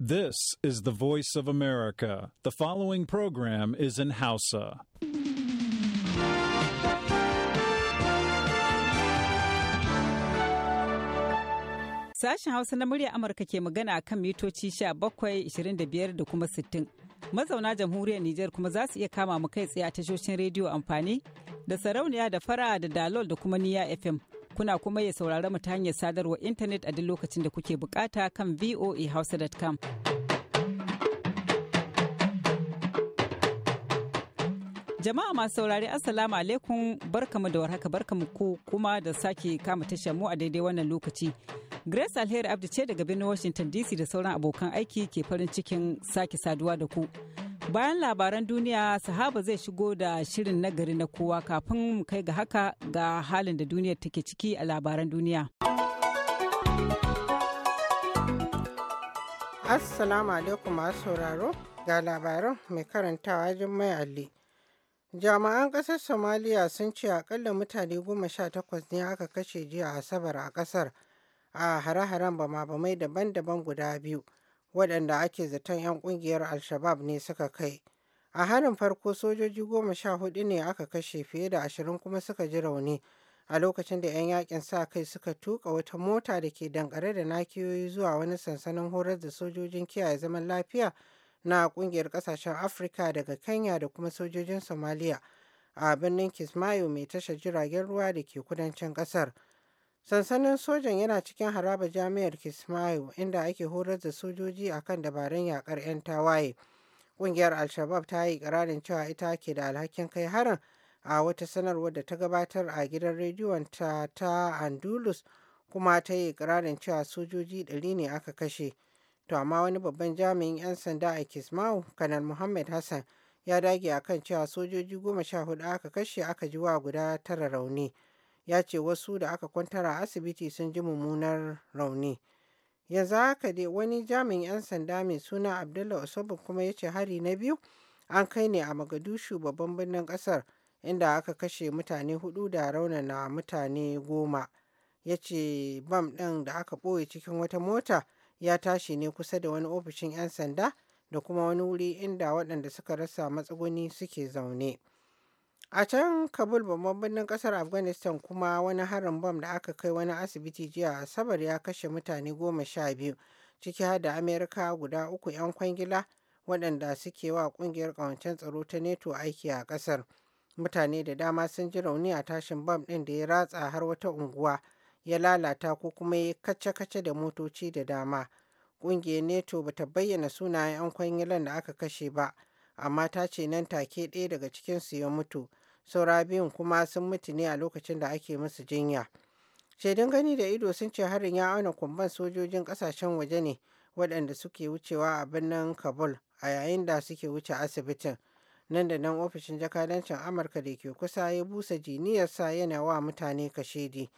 This is the voice of America. The following program is in Hausa. Sashen Hausa na murya Amurka ke magana kan mitoci bakwai 25 da kuma 60. Mazauna jamhuriyar Nijar kuma za su iya kama mu kai tsaye a tashoshin rediyo amfani da sarauniya da fara da dalol da kuma niya FM. kuna kuma ya saurara mu ta hanyar sadarwar intanet a duk lokacin da kuke bukata kan voahausa.com. Jama'a masu saurari Assalamu alaikum barkamu da warhaka barkamu ku kuma da sake kama tashar mu a daidai wannan lokaci. Grace Alheri Abdi ce daga birnin Washington DC da sauran abokan aiki ke farin cikin sake saduwa da ku. Bayan labaran duniya, sahaba zai shigo da shirin nagari na kowa kafin mu kai ga haka ga halin da duniya take ciki a labaran duniya. Assalamu alaikum masu sauraro ga labaran mai karantawa Jummai Ali. Jami'an ƙasar Somaliya sun ce akalla mutane goma sha takwas ne aka kashe jiya a Asabar a ƙasar. a hare-haren bama-bamai daban-daban guda biyu waɗanda ake zaton 'yan ƙungiyar al ne suka kai. A harin farko sojoji goma sha hudu ne aka kashe fiye da ashirin kuma suka ji rauni a lokacin da 'yan yakin sa kai suka tuka wata mota da ke dankare da nakiyoyi zuwa wani sansanin horar da sojojin kiyaye zaman lafiya na ƙungiyar ƙasashen Afirka daga Kenya da kuma sojojin Somalia a birnin Kismayo mai tashar jiragen ruwa da ke kudancin kasar. Sansanin sojan yana cikin haraba jami'ar Kismayo inda ake horar da sojoji akan dabarun yakar 'yan tawaye. Ƙungiyar Al-Shabab ta yi ƙirarin cewa ita ke da alhakin kai harin a wata sanarwar da ta gabatar a gidan rediyon ta ta andulus kuma ta yi ƙirarin cewa sojoji ɗari ne aka kashe. To amma wani babban jami'in 'yan sanda a Kismayo, Kanar Muhammad Hassan, ya dage akan cewa sojoji goma sha hudu aka kashe aka ji wa guda tara rauni. ya ce wasu da aka kwantar a asibiti sun ji mummunar rauni. Yanzu haka dai wani jami'in 'yan sanda mai suna Abdullah Osobo kuma ya ce hari na biyu an kai ne a Magadushu babban birnin ƙasar inda aka kashe mutane hudu da raunana mutane goma. Ya ce bam ɗin da aka ɓoye cikin wata mota ya tashi ne kusa da wani ofishin 'yan sanda da kuma wani wuri inda waɗanda suka rasa matsuguni suke zaune. A can Kabul babban birnin kasar Afghanistan kuma wani harin bom da aka kai wani asibiti jiya Asabar ya kashe mutane goma sha biyu ciki har da Amerika guda uku 'yan kwangila waɗanda suke wa ƙungiyar ƙawancen tsaro ta neto aiki a ƙasar. Mutane da dama sun ji rauni a tashin bom ɗin da ya ratsa har wata unguwa ya lalata ko kuma ya kace-kace da motoci da dama. Ƙungiyar neto bata bayyana sunayen 'yan kwangilan da aka kashe ba. amma ta ce nan take ɗaya daga cikinsu ya mutu saura biyun kuma sun mutu ne a lokacin da ake musu jinya shaidun gani da ido sun ce harin ya auna kumban sojojin ƙasashen waje ne waɗanda suke wucewa a birnin kabul a yayin da suke wuce asibitin nan da nan ofishin jakadancin amurka da ke kusa ya busa jiniyarsa yana wa mutane kashedi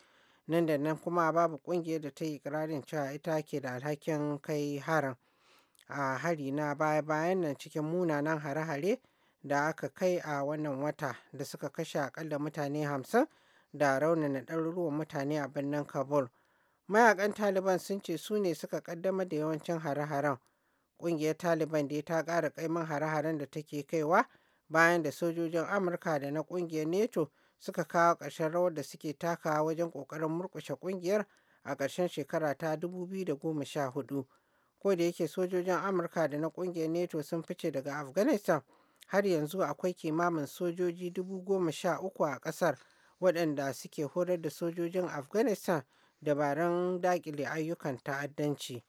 nan da nan kuma babu ƙungiyar da ta yi ikirarin cewa ita ke da alhakin kai harin a hari na baya-bayan nan cikin munanan hare-hare da aka kai a wannan wata da suka kashe akalla mutane hamsin da raunana ɗaruruwan mutane a birnin kabul mayakan taliban sun ce su ne suka kaddama da yawancin hare-haren ƙungiyar taliban da ta ƙara kaiman hare-haren da take kaiwa bayan da sojojin amurka da na ƙungiyar neto suka kawo ƙarshen rawar da suke takawa wajen ƙoƙarin murƙushe ƙungiyar a ƙarshen shekara ta 2014 ko da yake sojojin amurka da na kungiyar neto sun fice daga afghanistan har yanzu akwai kimamin sojoji dubu goma sha uku a kasar waɗanda suke horar da sojojin afghanistan dabaran dakile ayyukan ta'addanci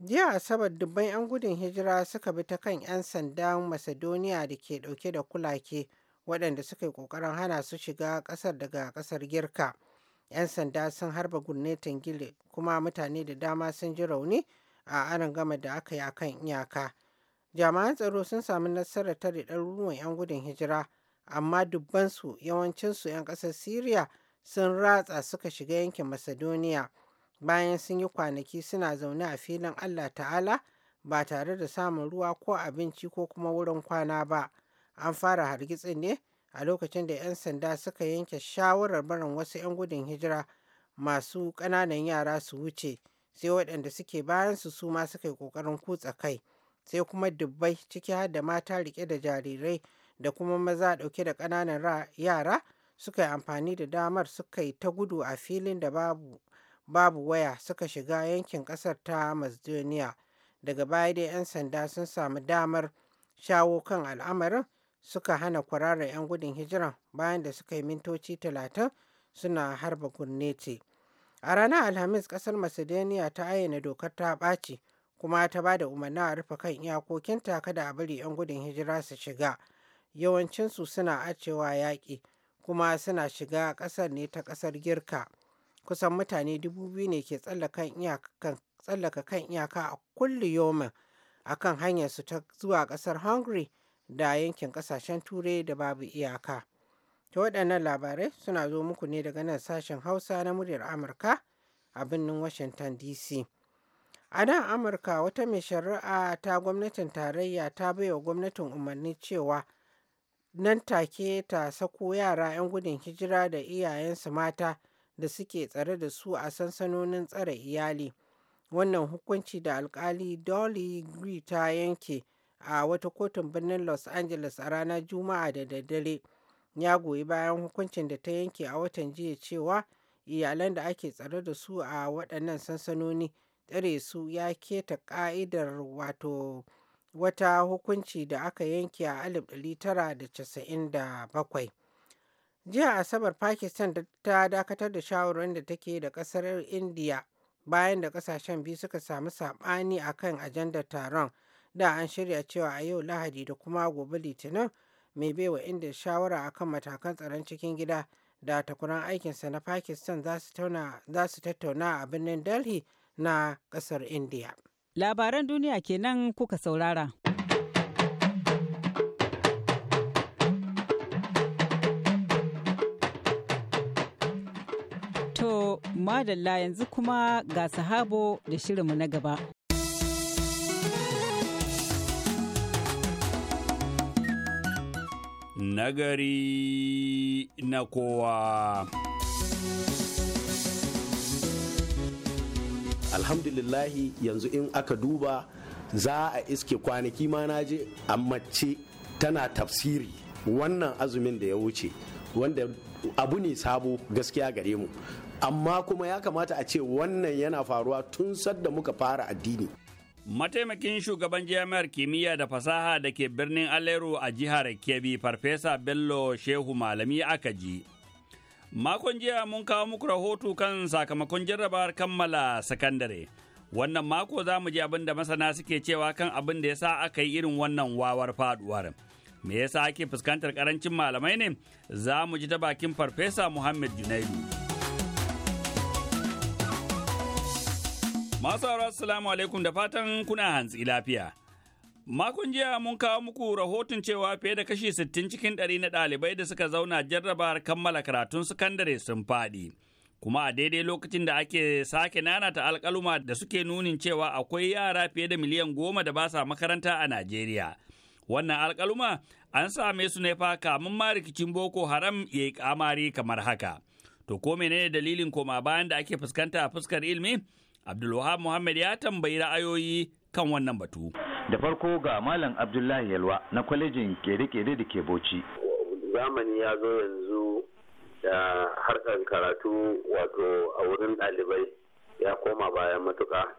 jiya asabar dubban 'yan gudun hijira suka bi ta kan 'yan sandan macedonia da ke dauke da kulake waɗanda suka yi ƙoƙarin hana su shiga ƙasar daga ƙasar girka 'yan sanda sun harba gurnetin gile kuma mutane da dama sun ji rauni a aron gama da aka yi akan iyaka jami'an tsaro sun sami nasarar tare ɗaruruwan 'yan gudun hijira amma dubbansu yawancinsu 'yan ƙasar syria sun ratsa suka shiga yankin macedonia bayan sun yi kwanaki suna zaune a filin allah ta'ala ba tare da samun ruwa ko abinci ko kuma wurin kwana ba an fara hargitsin ne a lokacin da 'yan sanda suka yanke shawarar barin wasu 'yan gudun hijira masu ƙananan yara su wuce sai waɗanda suke bayan su ma suka yi ƙoƙarin kutsa kai sai kuma dubbai ciki har da mata riƙe da jarirai da kuma maza ɗauke da ƙananan yara suka yi amfani da damar suka yi ta gudu a filin da babu babu waya suka shiga yankin ƙasar ta macedonia daga baya dai 'yan sanda sun samu damar shawo kan al'amarin suka hana kwarara 'yan gudun hijira, bayan da suka yi mintoci talatin suna harba gurneti. A ranar Alhamis kasar Macedonia ta ayyana dokar ta ɓaci kuma ta ba da umarni a rufe kan iyakokinta kada a bari 'yan gudun hijira su shiga. Yawancinsu suna acewa yaƙi kuma suna shiga ƙasar ne ta ƙasar Girka. Kusan mutane dubu biyu ne ke tsallaka kan iyaka a kulli yomin a kan su ta zuwa ƙasar Hungary da yankin kasashen turai da babu iyaka. Ta waɗannan labarai suna zo muku ne daga nan sashen Hausa na muryar Amurka a birnin Washington DC. A nan Amurka wata mai shari'a ta gwamnatin tarayya ta baiwa gwamnatin umarni cewa nan take ta sako yara 'yan gudun hijira da iyayensu mata da suke tsare da su a sansanonin tsare iyali. Wannan hukunci da alkali Dolly Gree ta yanke. a wata kotun birnin Los Angeles a ranar Juma'a da daddare ya goyi bayan hukuncin da ta yanke a watan jiya cewa iyalan da ake tsare da su a waɗannan sansanoni tsare su ya keta ƙa'idar wato wata hukunci da aka yanke a 1997. Jiya Asabar Pakistan ta dakatar da shawarar da take da ƙasar Indiya, bayan da ƙasashen biyu suka samu saɓani akan ajandar taron. da an shirya cewa a yau lahadi da kuma gobe litinin mai baiwa inda shawara a kan matakan tsaron cikin gida da takuran aikinsa na pakistan za su tattauna a birnin delhi na kasar india labaran duniya kenan kuka saurara to madalla yanzu kuma ga sahabo da shirinmu na gaba nagari na kowa. Alhamdulillahi yanzu in aka duba za a iske kwanaki ma na je a mace tana tafsiri wannan azumin da ya wuce wanda abu ne sabo gaskiya gare mu amma kuma ya kamata a ce wannan yana faruwa tun sadda muka fara addini Mataimakin shugaban jami'ar kimiyya da fasaha da ke birnin Alero a jihar Kebbi Farfesa Bello Shehu Malami Akaji. Makon jiya mun kawo muku rahoto kan sakamakon jarrabawar kammala sakandare. Wannan mako za mu ji abin da masana suke cewa kan abin da ya sa aka yi irin wannan wawar faduwar. Me yasa ake fuskantar karancin malamai ne? Za mu ji ta bakin Farfesa Muhammad Junaidu. Masu assalamu alaikum da fatan kuna hantsi lafiya. Makon jiya mun kawo muku rahoton cewa fiye da kashi sittin cikin ɗari na ɗalibai da suka zauna jarrabar kammala karatun sakandare sun faɗi. Kuma a daidai lokacin da ake sake nanata alkaluma da suke nunin cewa akwai yara fiye da miliyan goma da basa makaranta a Najeriya. Wannan alkaluma an same su ne fa kamun ma rikicin Boko Haram ya yi kamari kamar haka. To ko menene dalilin koma bayan da ake fuskanta a fuskar ilimi? Abdulwahab Muhammad ya tambayi ra'ayoyi kan wannan batu. Da farko ga Malam Abdullahi Yalwa na kwalejin kere-kere da ke Bauchi. Zamani ya zo yanzu da harkar karatu wato a wurin ɗalibai ya koma bayan matuƙa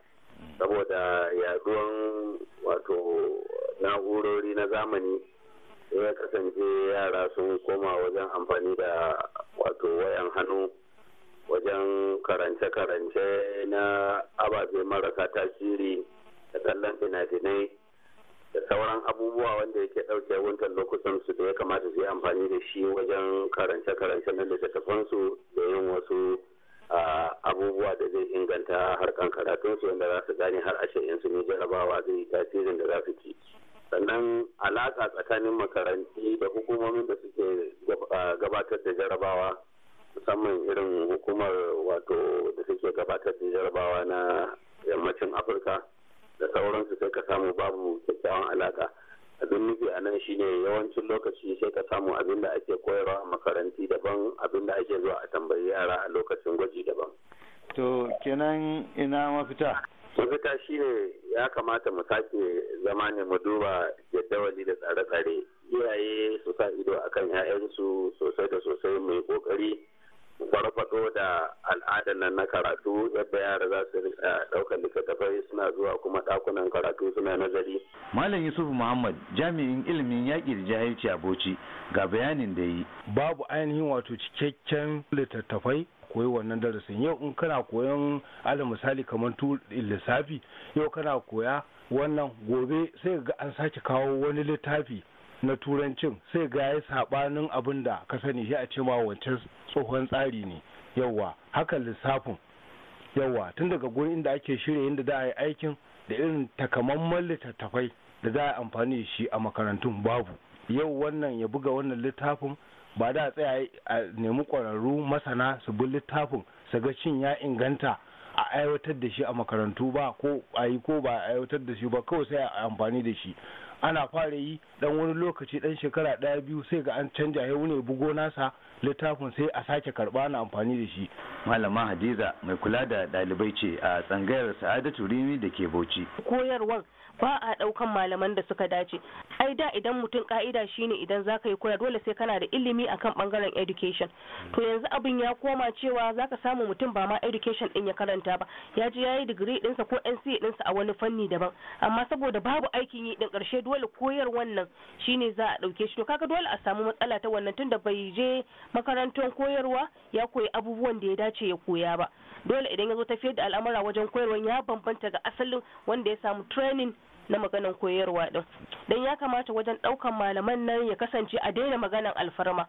saboda yaduwan wato na'urori na zamani ya kasance yara sun koma wajen amfani da wato wayan hannu wajen karance-karance na ababe maraka tasiri da kallon fina da sauran abubuwa wanda yake ɗauke wuntan lokutan su da ya kamata su yi amfani da shi wajen karance-karance na littattafansu da yin wasu abubuwa da zai inganta harkan su wanda za su gane har ashe in ne jarabawa zai tasirin da za su ci sannan alaƙa tsakanin makaranti da hukumomin da suke gabatar da jarabawa musamman irin hukumar wato da take gabatar da jarabawa na yammacin afirka da sauransu sai ka samu babu kyakkyawan alaka abin nufi a nan shine yawancin lokaci sai ka samu abin da ake koyarwa a makaranti daban abin da ake zuwa a tambayi yara a lokacin gwaji daban to kenan ina mafita mafita shine ya kamata mu sake zama ne mu duba jadawali da tsare-tsare iyaye su sa ido akan 'ya'yansu sosai da sosai mai ƙoƙari. farfado da al'adar nan na karatu yadda yara za su ɗaukar littattafai suna zuwa kuma ɗakunan karatu suna nazari. Malam Yusuf Muhammad jami'in ilimin yaƙi da jahilci a Bauchi ga bayanin da yi. Babu ainihin wato cikakken littattafai koyi wannan darasin yau in kana koyon ala misali kamar tu lissafi yau kana koya wannan gobe sai ga an sake kawo wani littafi na turancin sai ga ya sabanin abin da ka sani shi a ce ma wancan tsohon tsari ne yawa haka lissafin yawa tun daga gurin inda ake shirya inda za a yi aikin da irin takamaiman littattafai da za a amfani da shi a makarantun babu yau wannan ya buga wannan littafin ba da tsaya a nemi ƙwararru masana su bi littafin su ga cin ya inganta a aiwatar da shi a makarantu ba ko a yi ko ba a aiwatar da shi ba kawai sai a amfani da shi ana fara yi dan wani lokaci dan shekara daya biyu sai ga an canja ya wune bugo nasa littafin sai a sake karba na amfani da shi malama hadiza mai kula da ɗalibai ce a tsangayar sa'adatu rimi da ke bauchi koyarwar ba a ɗaukan malaman da suka dace ai da idan mutum ka'ida shine idan za ka yi koyar dole sai kana da ilimi akan bangaren education to yanzu abin ya koma cewa za ka samu mutum ba ma education din ya karanta ba ya ji ya yi digiri ɗinsa ko nca ɗinsa a wani fanni daban amma saboda babu aikin yi ɗin ƙarshe dole koyar wannan shine za a ɗauke shi to kaga dole a samu matsala ta wannan tunda bai je makarantar koyarwa ya koyi abubuwan da ya dace ya koya ba dole idan ya zo tafiyar da al'amura wajen koyarwan ya bambanta ga asalin wanda ya samu training na maganan koyarwa din don ya kamata wajen ɗaukan malaman nan ya kasance a daina maganan alfarma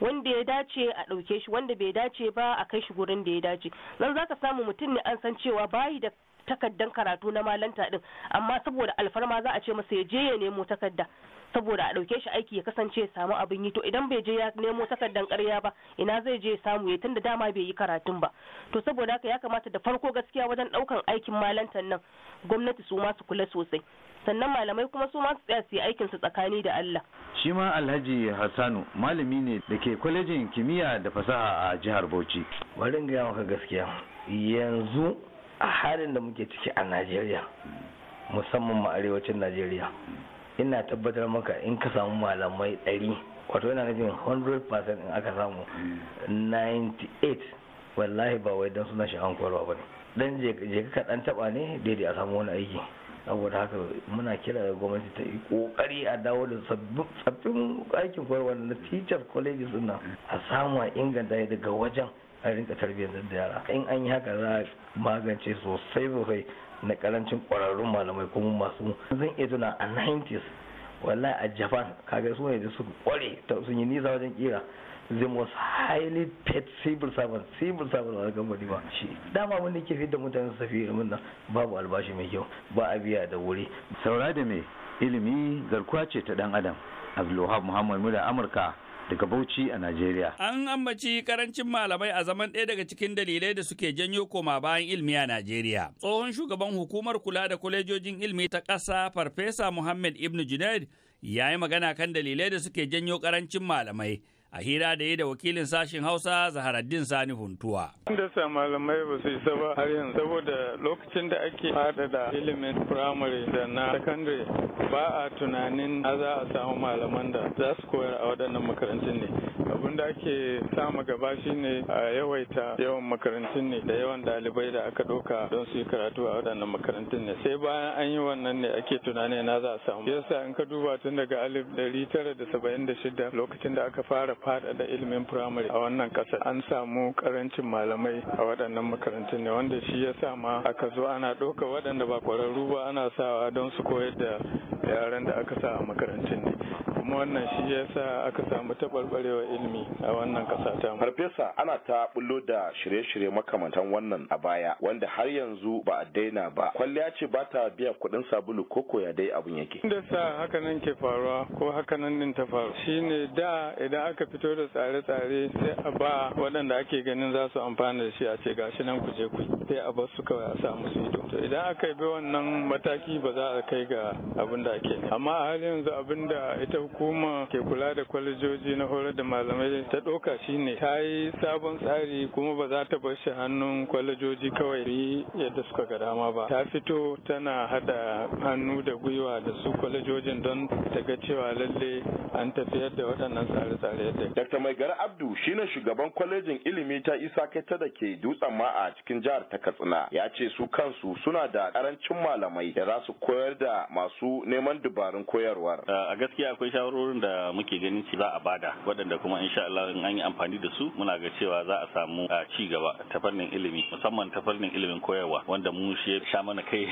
wanda ya dace a ɗauke shi wanda bai dace ba a kai shi gurin da ya dace zan zaka samu mutum ne an san cewa bayi da takaddan karatu na malanta din amma saboda alfarma za a ce masa ya je ya nemo takarda saboda a ɗauke shi aiki ya kasance ya samu abin yi to idan bai je ya nemo takardan karya ba ina zai je ya samu ya tunda dama bai yi karatun ba to saboda haka ya kamata da farko gaskiya wajen ɗaukan aikin malantan nan gwamnati su ma kula sosai sannan malamai kuma su masu su tsaya su yi aikin su tsakani da Allah shi ma Alhaji Hassanu malami ne da ke kwalejin kimiyya da fasaha a jihar Bauchi bari in ga maka gaskiya yanzu a halin da muke ciki a najeriya musamman ma arewacin najeriya ina tabbatar maka in ka samu malamai ɗari wato yana nufin 100% in aka samu 98 wallahi ba wai dan suna sha'an kwarwa ba ne dan je ka dan taba ne daidai a samu wani aiki saboda haka muna kira da gwamnati ta yi kokari a dawo da sabbin aikin kwarwa na teacher colleges suna. a samu a inganta daga wajen a rinka tarbiyyar da yara in an yi haka za a magance sosai sosai na karancin kwararrun malamai kuma masu zan iya tuna a 90s wallahi a japan kaga su ne da su kware sun yi nisa wajen kira the most highly paid civil servant civil servant wani kamfani ba shi dama abin da ke fi da mutane su tafi ilimin nan babu albashi mai kyau ba a biya da wuri saura da me ilimi garkuwa ce ta dan adam abdulwahab muhammad muda amurka daga Bauchi a Najeriya. An ambaci karancin malamai a zaman ɗaya daga cikin dalilai da suke janyo koma bayan ilmi a Najeriya. Tsohon shugaban hukumar kula da kwalejojin ilmi ta ƙasa Farfesa Muhammad Ibn Junaid ya yi magana kan dalilai da suke janyo karancin malamai. a hira da ya da wakilin sashen hausa zaharaddin sani huntuwa da sa malamai ba su isa ba har yanzu saboda lokacin da ake fada da ilimin firamare da na sakandare ba a tunanin a za a samu malaman da za su koyar a waɗannan makarantun ne abin da ake sama gaba shine a yawaita yawan makarantun ne da yawan ɗalibai da aka ɗauka don su yi karatu a waɗannan makarantun ne sai bayan an yi wannan ne ake tunanin na za a samu yasa in ka duba tun daga alif ɗari tara da saba'in da shida lokacin da aka fara faɗaɗa ilimin firamare a wannan ƙasar an samu ƙarancin malamai a waɗannan makarantun ne wanda shi ya sa ma aka zo ana ɗauka waɗanda ba ƙwararru ba ana sawa don su koyar da yaran da aka sa a makarantun ne kuma wannan shi ya sa aka samu taɓarɓarewa ilimi a wannan ƙasa ta farfesa ana ta bullo da shirye-shirye makamantan wannan a baya wanda har yanzu ba a daina ba kwalliya ce ba ta biya kuɗin sabulu ko koya dai abun yake inda sa haka nan ke faruwa ko haka nan din ta faru Shi ne da idan aka fito da tsare-tsare sai a ba waɗanda ake ganin za su amfana da shi a ce gashi nan ku je ku sai a bar su kawai a sa musu ido to idan aka bi wannan mataki ba za a kai ga abin da ake amma a halin yanzu abin da ita hukuma ke kula da kwalejoji na horar da malamai ta ɗauka ne. ta yi sabon tsari kuma ba za ta bar shi hannun kwalejoji kawai yi yadda suka ga dama ba ta fito tana hada hannu da gwiwa da su kwalejojin don ta ga cewa lalle an tafiyar da waɗannan tsare-tsare yadda Dr. gara Abdu shine shugaban kwalejin ilimi ta Isa Keta da ke dutsen ma a cikin jihar ta Katsina ya ce su kansu suna da karancin malamai da za su koyar da masu neman dubarun koyarwar. A gaskiya akwai shawarorin da muke ganin ci za a bada waɗanda kuma insha Allah in an yi amfani da su muna ga cewa za a samu ci gaba ta fannin ilimi musamman ta fannin ilimin koyarwa wanda mu shi sha mana kai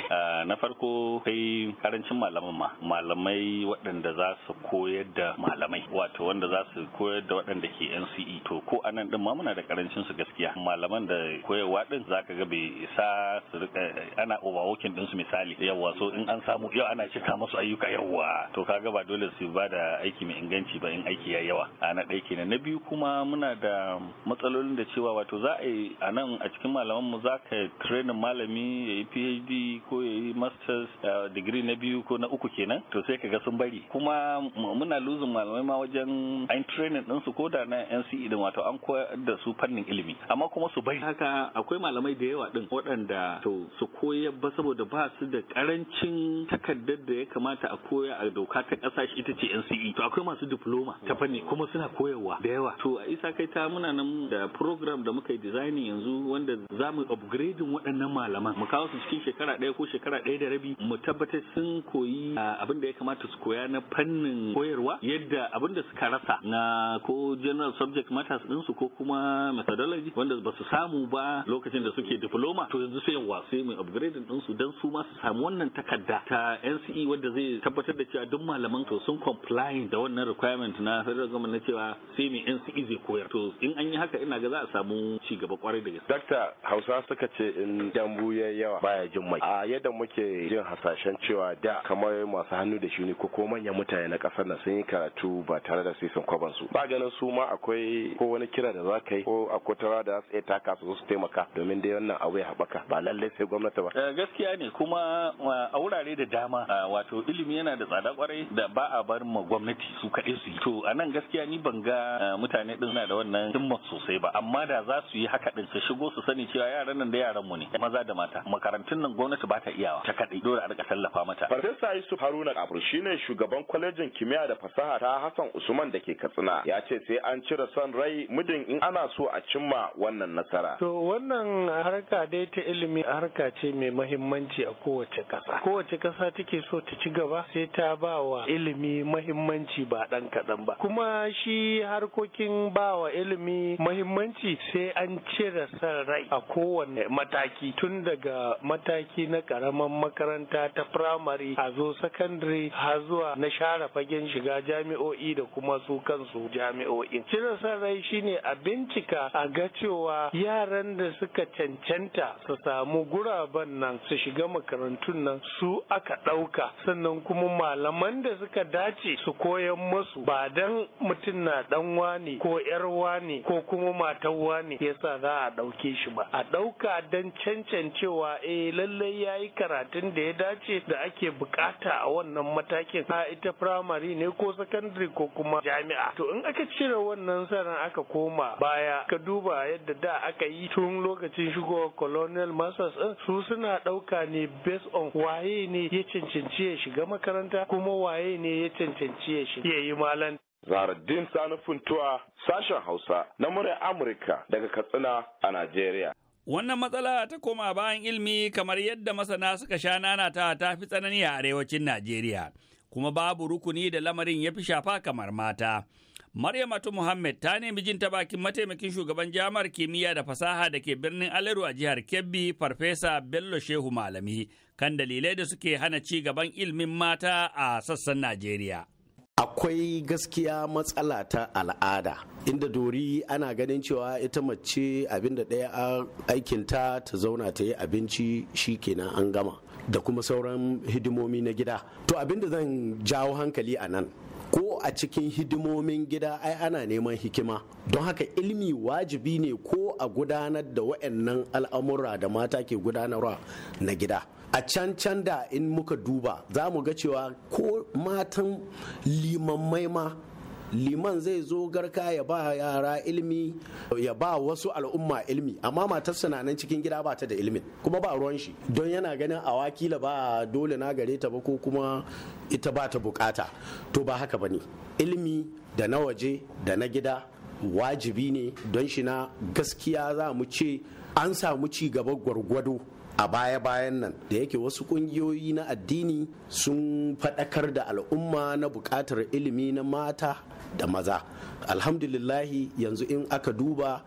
na farko kai karancin malaman ma malamai waɗanda za su koyar da malamai wato wanda za su koyar da waɗanda ke NCE to ko anan din ma muna da karancin su gaskiya malaman da koyarwa din zaka ga bai isa su rika ana overworking din su misali yawa so in an samu yau ana cika masu ayyuka yawa to kaga ba dole su ba da da aiki mai inganci ba in aiki ya yawa a na ɗaya kenan na biyu kuma muna da matsalolin da cewa wato za a yi a nan a cikin malaman mu za ka trainin malami ya yi phd ko ya yi masters degree na biyu ko na uku kenan to sai ka ga sun bari kuma muna luzin malamai ma wajen an training din su ko da na NCE din wato an koyar da su fannin ilimi amma kuma su bari haka akwai malamai da yawa din waɗanda to su koyar ba saboda ba su da karancin takardar da ya kamata a koya a doka ta ƙasa ita ce NCE CE to akwai masu diploma ta fanni kuma suna koyarwa da yawa to a isa kai ta muna nan da program da muka yi designing yanzu wanda za mu upgrade waɗannan malaman mu kawo su cikin shekara ɗaya ko shekara ɗaya da rabi mu tabbatar sun koyi abin da ya kamata su koya na fannin koyarwa yadda abin da suka rasa na ko general subject matters su ko kuma methodology wanda ba su samu ba lokacin da suke diploma to yanzu sai yawa sai mu upgrade ɗin su don su ma su samu wannan takarda ta NCE wanda zai tabbatar da cewa duk malaman to sun comply complying da wannan requirement na federal government na cewa sai mai yan su izi koyar to in an yi haka ina ga za a samu ci gaba kwarai da gaske dr hausa suka ce in dambu ya yawa baya jin mai a yadda muke jin hasashen cewa da kamar masu hannu da shi shuni ko ko manyan mutane na kasar na sun yi karatu ba tare da sisan kwaban su ba ganin su ma akwai ko wani kira da za ka yi ko akwai tara da za su iya taka su su taimaka domin da wannan abu ya haɓaka ba lallai sai gwamnati ba eh, gaskiya ne kuma a wurare da dama wato ilimi yana da tsada kwarai da ba a bar ma gwamnati su kaɗai su yi to a nan gaskiya ni ban ga eh, mutane ɗin na da wannan himma sosai ba amma da za su yi haka ɗin su shigo su sani cewa yaran nan da yaran mu ne maza da mata makarantun nan gwamnati ba ta iyawa ta kaɗai dole a rika tallafa mata farfesa yusuf haruna shi shine shugaban kwalejin kimiyya da fasaha ta hassan usman da ke katsina ya ce sai an cire son rai mudin in ana so a cimma wannan nasara to wannan harka dai ta ilimi harka ce mai mahimmanci a kowace ƙasa kowace ƙasa take so ta ci gaba sai ta ba wa ilimi mahimmanci muhimmanci ba ɗan kaɗan ba kuma shi harkokin bawa ilimi muhimmanci sai an cire san rai a kowane mataki tun daga mataki na ƙaramin makaranta ta firamare a zo sakandare har zuwa na share fagen shiga jami'o'i da kuma su kansu jami'o'in cire san rai shine a bincika a ga cewa yaran da suka cancanta su samu guraben nan su shiga makarantun nan su aka ɗauka sannan kuma malaman da suka dace su koyan musu ba dan mutum na dan wani ko yar wani ko kuma matan wani yasa za a ɗauke shi ba a ɗauka dan cancancewa eh lallai ya yi karatun da ya dace da ake bukata a wannan matakin a ita firamare ne ko sakandare ko kuma jami'a to in aka cire wannan sanan aka koma baya ka duba yadda da aka yi tun lokacin shigowa colonial masters din su suna ɗauka ne based on waye ne ya cancanci ya shiga makaranta kuma waye ne ya cancanci shi ya yi malan. Sani Funtuwa sashen Hausa na murya Amurka daga Katsina a Najeriya. Wannan matsala ta koma bayan ilmi kamar yadda masana suka sha nana ta ta fi tsanani a arewacin Najeriya, kuma babu rukuni da lamarin ya fi shafa kamar mata. Maryamatu Muhammad ta nemi jin ta bakin mataimakin shugaban jami'ar kimiyya da fasaha da ke birnin Aleru a jihar Kebbi, Farfesa Bello Shehu Malami, kan dalilai da suke hana ci gaban ilimin mata a sassan Najeriya. akwai gaskiya matsala ta al'ada inda dori ana ganin cewa ita mace abinda ɗaya aikinta ta zauna ta yi abinci shi kenan an gama da kuma sauran hidimomi na gida to abinda zan jawo hankali a nan ko a cikin hidimomin gida ai ana neman hikima don haka ilimi wajibi ne ko a gudanar da wa'annan al'amura da mata ke gudanarwa na gida a can can da in muka duba za mu ga cewa ko matan limammai ma liman zai zo garka ya ba yara ilimi ya ba wasu al'umma ilimi amma matarsa na cikin gida ba ta da ilimin kuma ba ruwan shi don yana ganin a wakila ba dole na gare ta ba ko kuma ita ba ta bukata to ba haka ba ne ilimi da na waje da na gida wajibi ne don shi na gaskiya za mu ce an samu ci gaba gwargwado a baya-bayan nan da yake wasu kungiyoyi na addini sun faɗakar da al'umma na buƙatar ilimi na mata da maza alhamdulillahi yanzu in aka duba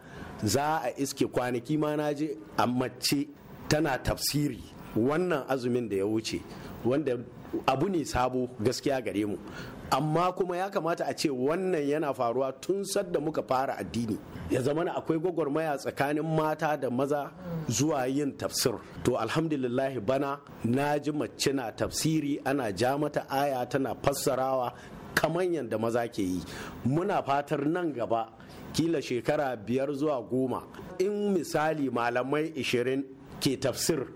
za a iske kwanaki ma na je a mace tana tafsiri wannan azumin da ya wuce wanda abu ne sabo gaskiya gare mu amma kuma ya kamata a ce wannan yana faruwa tun sadda muka fara addini ya zama na akwai gwagwarmaya tsakanin mata da maza zuwa yin tafsir to alhamdulillah bana na ji mace na tafsiri ana ja mata aya tana fassarawa kamar yadda maza ke yi muna fatar nan gaba kila shekara biyar zuwa goma in misali malamai ishirin ke tafsir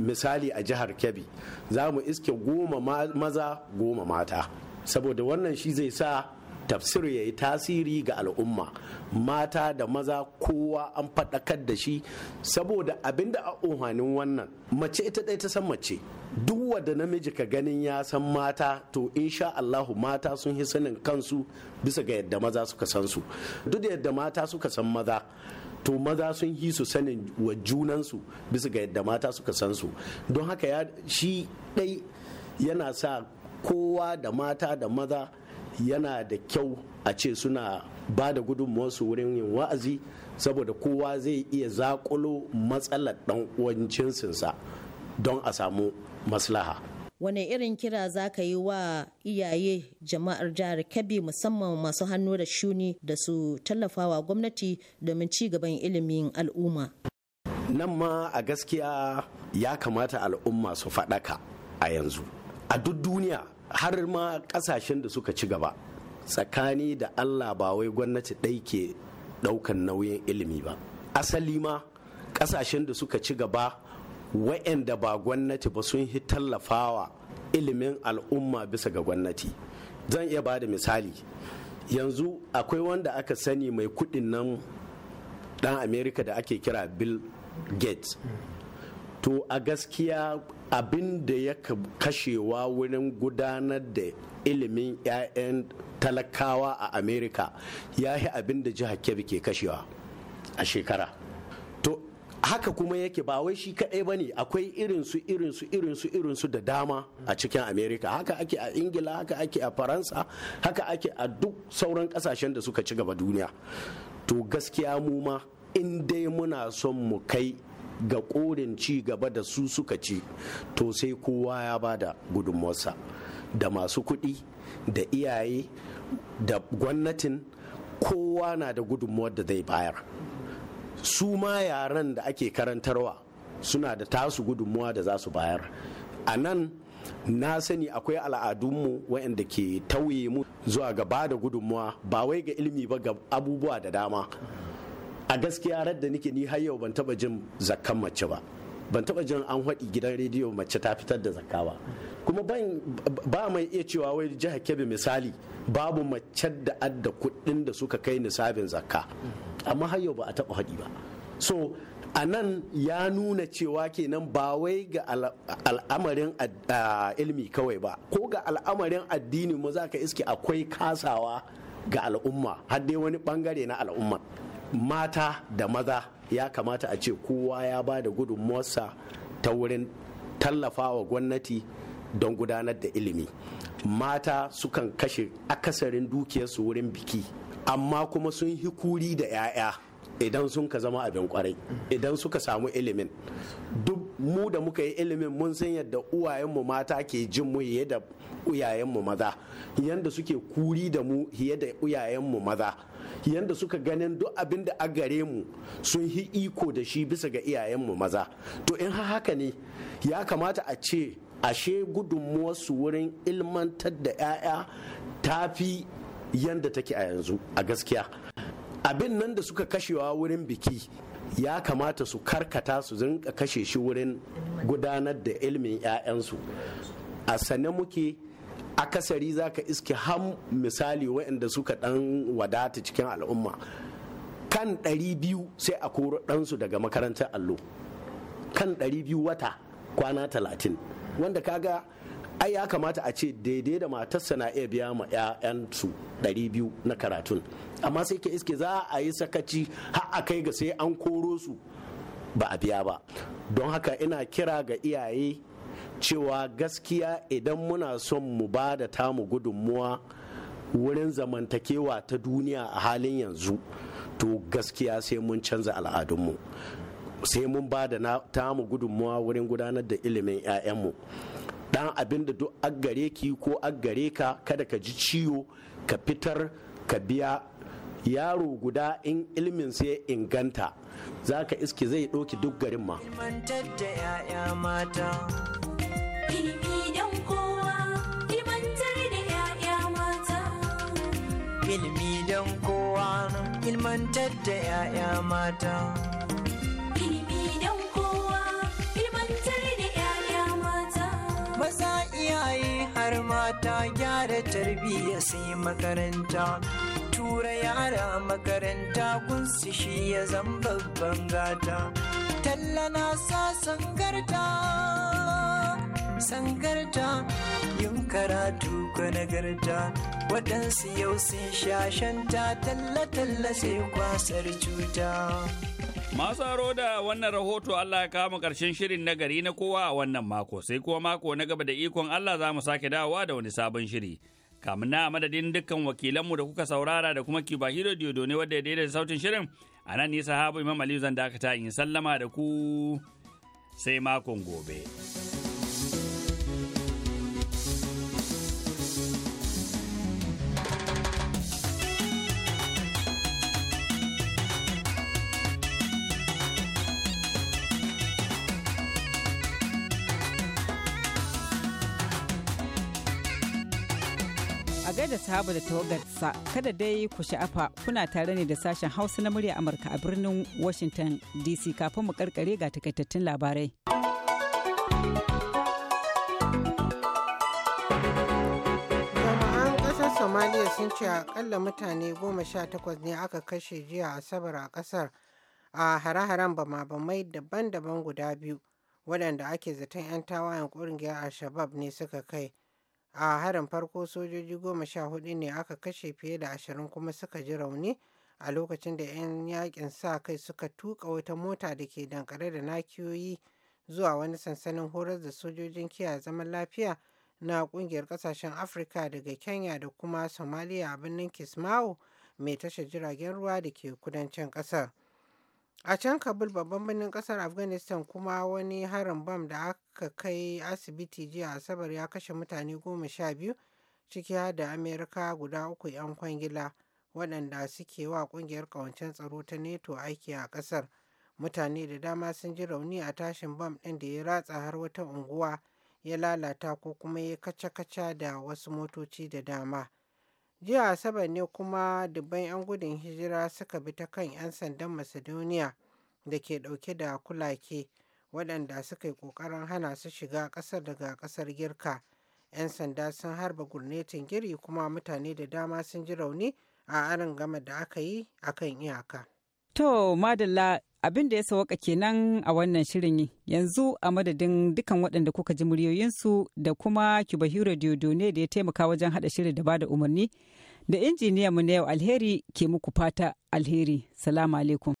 misali a jihar kebbi za mu iske goma maza goma mata saboda wannan shi zai sa tafsir ya yi tasiri ga al'umma mata da maza kowa an faɗakar da shi saboda abinda a ohanin wannan mace ita ɗaya ta san mace duk wanda namiji ka ganin ya san mata to insha Allahu mata sun yi sanin kansu bisa ga yadda maza suka san su duk da yadda mata suka san maza to maza sun yi su sanin wa junansu bisa ga yadda mata suka san su don haka ya shi ɗai yana sa kowa da mata da maza yana da kyau a ce suna ba da gudunmuwarsu wurin yin wa'azi saboda kowa zai iya zakulo matsalar dan uwan don a samu maslaha wane irin kira za ka yi wa iyaye jama'ar jihar kebbi musamman masu hannu da shuni da su tallafawa gwamnati domin ci gaban ilimin al'umma nan ma a gaskiya ya kamata al'umma su faɗaka a yanzu a duk duniya har ma kasashen da suka ci gaba tsakani da allah ba wai gwamnati ɗai ke ɗaukan nauyin ilimi ba asali ma kasashen da suka ci gaba wa'anda ba gwamnati ba sun hi tallafawa ilimin al'umma bisa ga gwamnati zan iya ba da misali yanzu akwai wanda aka sani mai kudin nan dan amerika da ake kira bill gates to a gaskiya abin da ya kashewa wurin gudanar da ilimin 'ya'yan talakawa a amerika ya yi abin da jihar kebbi ke kashewa a shekara to haka kuma yake ba wai shi kaɗai ba ne akwai irinsu irinsu irinsu irinsu da dama a cikin amerika haka ake a ingila haka ake a faransa haka ake a duk sauran ƙasashen da suka ci gaba duniya to gaskiya mu ma in dai muna son mu kai ga korin ci gaba da su suka ci to sai kowa ya ba da gudunmuwarsa da masu kuɗi da iyaye da gwamnatin kowa na da gudunmuwar da zai bayar su ma yaran da ake karantarwa suna da tasu gudunmuwa da za su bayar a nan na sani akwai al'adunmu waɗanda ke tauye mu zuwa gaba da gudunmuwa ba wai ga ilimi ba ga abubuwa da dama a gaskiya rar da nike ni har yau ban taba jin zakkan mace ba ban taba jin an haɗi gidan rediyo mace ta fitar da zakka ba kuma ban ba mai iya cewa wai jihar kebbi misali babu mace da adda kuɗin da suka kai ni sabin zakka amma har yau ba a taba haɗi ba so a nan ya nuna cewa kenan ba wai ga al'amarin ilmi kawai ba ko ga al'amarin addini maza ka iske akwai kasawa ga al'umma har dai wani bangare na al'umma mata da maza ya kamata a ce kowa ya ba da gudunmuwarsa ta wurin tallafawa gwamnati don gudanar da ilimi mata sukan kashe akasarin dukiyarsu wurin biki amma kuma sun hi kuri da 'ya'ya idan sun ka zama abin kwarai idan suka samu ilimin duk mu da muka yi ilimin mun san yadda uwayenmu mata ke jin mu hiye da uyayenmu maza yadda suke kuri da mu hiye da uyayenmu maza yanda suka ganin duk abin da a gare mu sun yi iko da shi bisa ga iyayenmu maza to in haka ne ya kamata a ce ashe gudunmuwarsu wurin ilmantar da 'ya'ya ta fi yadda take a yanzu a gaskiya abin nan da suka kashewa wurin biki ya kamata su karkata su zinka kashe shi wurin gudanar da ilmin 'ya'yansu a sane muke akasari za ka iske ham misali waɗanda suka ɗan wadata cikin al'umma kan ɗari biyu sai a koro ɗansu daga makarantar allo kan ɗari biyu wata kwana talatin wanda kaga ai ya kamata a ce daidai da matarsa na iya biya ma 'ya'yansu biyu na karatun amma sai ke iske za a yi sakaci har a kai ga sai an koro su ba a biya ba don haka ina kira ga iyaye cewa gaskiya idan muna son mu ba da tamu gudunmuwa wurin zamantakewa ta duniya a halin yanzu to gaskiya sai mun canza al'adunmu sai mun ba da tamu gudunmuwa wurin gudanar da ilimin 'ya'yanmu dan abin da duk aggare ki ko aggare ka kada ka ji ciwo ka fitar ka biya yaro guda in ilmin sai inganta za ka iske zai ɗauki duk garin ma. ilimi don kowa ilmantar da 'ya'ya mata ilimi don kowa ilmantar da 'ya'ya mata maza iyaye har mata gyara tarbiyya sai makaranta tura yara makaranta kunsu shi ya zan babban gata talla na sasan garta sangarta yin karatu ko nagarta waɗansu yau sun shashanta talla-talla sai kwasar cuta. Masu aro da wannan rahoto Allah ya kama ƙarshen shirin na gari na kowa a wannan mako sai kuma mako na gaba da ikon Allah za mu sake dawowa da wani sabon shiri. Kamun na madadin dukkan wakilanmu da kuka saurara da kuma hiro Diodo ne wadda ya da sautin shirin a nan nisa habu Imam Aliyu zan dakata in sallama da ku sai makon gobe. da sahaba da tawagarsa kada dai ku sha'afa kuna tare ne da sashen hausa na murya amurka a birnin washington dc kafin mu karkare ga takaitattun labarai jama'an kasar somaliya sun ce akalla mutane goma sha takwas ne aka kashe jiya asabar a kasar a hare-haren bama-bamai daban-daban guda biyu waɗanda ake zaton 'yan tawayen ƙungiyar al-shabab ne suka kai a harin farko sojoji goma sha hudu ne aka kashe fiye da ashirin kuma suka ji rauni a lokacin da 'yan yakin sa kai suka tuka wata mota da ke dankare da nakiyoyi zuwa wani sansanin horar da sojojin kiyaye zaman lafiya na kungiyar kasashen afirka daga kenya da kuma somalia a birnin kismau mai tashar jiragen ruwa da ke kudancin kasar A can Kabul babban birnin kasar Afghanistan kuma wani harin bam da aka kai asibiti jiya Asabar ya kashe mutane goma sha biyu ciki har da Amerika guda uku 'yan kwangila waɗanda suke wa ƙungiyar ƙawancen tsaro ta NATO aiki a ƙasar. Mutane da dama sun ji rauni a tashin bam ɗin da ya ratsa har wata unguwa ya lalata ko kuma ya kaca-kaca da wasu motoci da dama. Jiya Asabar ne kuma dubban 'yan gudun hijira suka bi ta kan 'yan sandan Macedonia da ke dauke da kulake waɗanda suka yi ƙoƙarin hana su shiga ƙasar daga ƙasar Girka. 'Yan sanda sun harba gurnetin giri kuma mutane da dama sun ji rauni a arin gama da aka yi a kan iyaka. To, Madalla abin da ya sauka kenan a wannan shirin yanzu a madadin dukan waɗanda kuka ji muryoyinsu da kuma kibahiro diodo ne da ya taimaka wajen haɗa shirin da ba da umarni da injiniyan mu na yau alheri ke muku fata alheri salamu alaikum